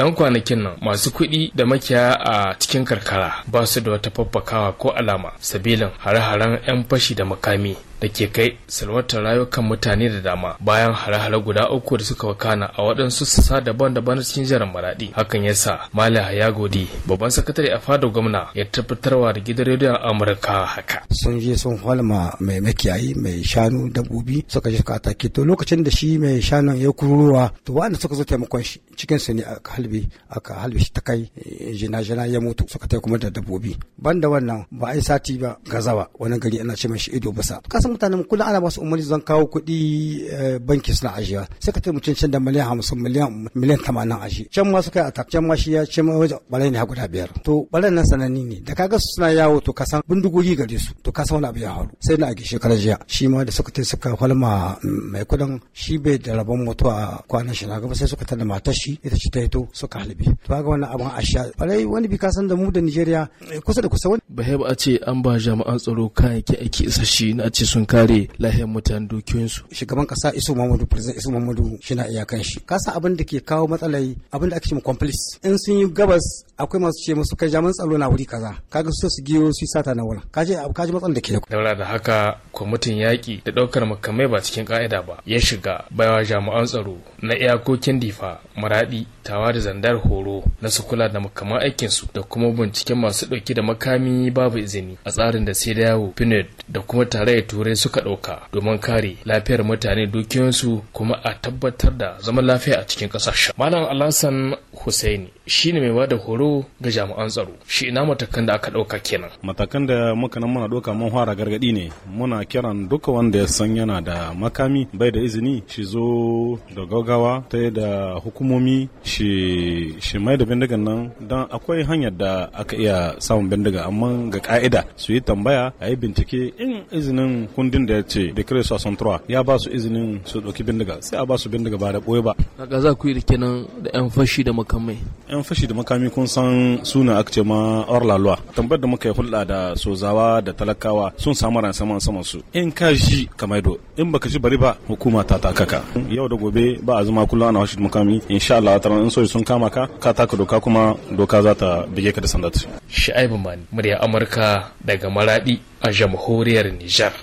'Yan kwanakin nan masu kuɗi da makiya a cikin karkara ba su da wata faffakawa ko alama sabilin hare-haren 'yan fashi da makami da ke kai salwatar rayukan mutane da dama bayan hare-hare guda uku da suka wakana a waɗansu sassa daban-daban cikin jihar maradi hakan ya sa mala ya gode babban sakatare a fadar gwamna ya tabbatarwa da gidan rediyon amurka haka sun je sun holma mai makiyayi mai shanu dabbobi suka je suka atake to lokacin da shi mai shanun ya kururuwa to waɗanda suka zo taimakon shi cikin su ne aka halbe aka halbe shi ta kai eh, jina-jina ya mutu suka kuma da dabbobi banda wannan ba a yi sati ba gazawa wani gari ana ce mai shi ido basa kasan mutanen kullum ana su umarni zan kawo kuɗi eh, banki suna ajiyewa sai ka taimu cin da miliyan hamsin miliyan miliyan tamanin aji can ma suka yi atak can ma shi ya ce ma wajen ɓarai ne guda biyar to ɓarai nan sanani ne da kaga su suna yawo to kasan bindigogi gare su to kasan wani abu ya faru sai na a gishe kala jiya shi ma da suka tai suka kwalma mm, mai kudin shi bai da rabon a kwanan shi na gaba sai suka tada matar shi ita ce ta to suka halibi to ga wannan abin a sha ɓarai wani bi kasan da mu da Nijeriya eh, kusa da kusa wani. Bahai ba a ce an ba jami'an tsaro kayayyaki isa shi na ce sun don kare lafiyar mutanen dukiyoyinsu. Shugaban kasa Isu Muhammadu President Isu Muhammadu shi na iyakan shi. Kasa abin da ke kawo matsalai abin da ake cewa complice. In sun yi gabas akwai masu ce musu kai jami'an tsaro na wuri kaza. Kaga su su giyo su sata na wurin. Kaje kaje matsalar da ke. Daura da haka kwamitin yaƙi da ɗaukar makamai ba cikin ƙa'ida ba ya shiga baiwa jami'an tsaro na iyakokin difa maraɗi tawa da zandar horo na su kula da makaman aikinsu da kuma binciken masu ɗauki da makami babu izini a tsarin da sai da yawo da kuma tare turai wurin suka ɗauka domin kare lafiyar mutane dukiyoyinsu kuma a tabbatar da zaman lafiya a cikin ƙasashen malam alhassan husaini ne mai ba da horo ga jami'an tsaro shi ina matakan da aka ɗauka kenan matakan da muka nan muna ɗauka mun fara gargaɗi ne muna kiran duka wanda ya san yana da makami bai da izini shi zo da gaugawa ta da hukumomi shi shi mai da bindigan nan don akwai hanyar da aka iya samun bindiga amma ga ka'ida su yi tambaya a yi bincike in izinin kundin da ya ce decree 63 ya ba su izinin su dauki bindiga sai a ba su bindiga ba da ɓoye ba kaga za ku yi da kenan da yan fashi da makamai yan fashi da makami kun san suna aka ce ma orlalwa tambayar da muka yi hulɗa da sozawa da talakawa sun samu ran saman saman su in ka ji ka do in baka ji bari ba hukuma ta takaka yau da gobe ba a zama kullum ana fashi da makami insha Allah taron in so sun kama ka ka taka doka kuma doka za ta bige ka da sandat aibu mani murya amurka daga maradi a jamhuriyar Nijar.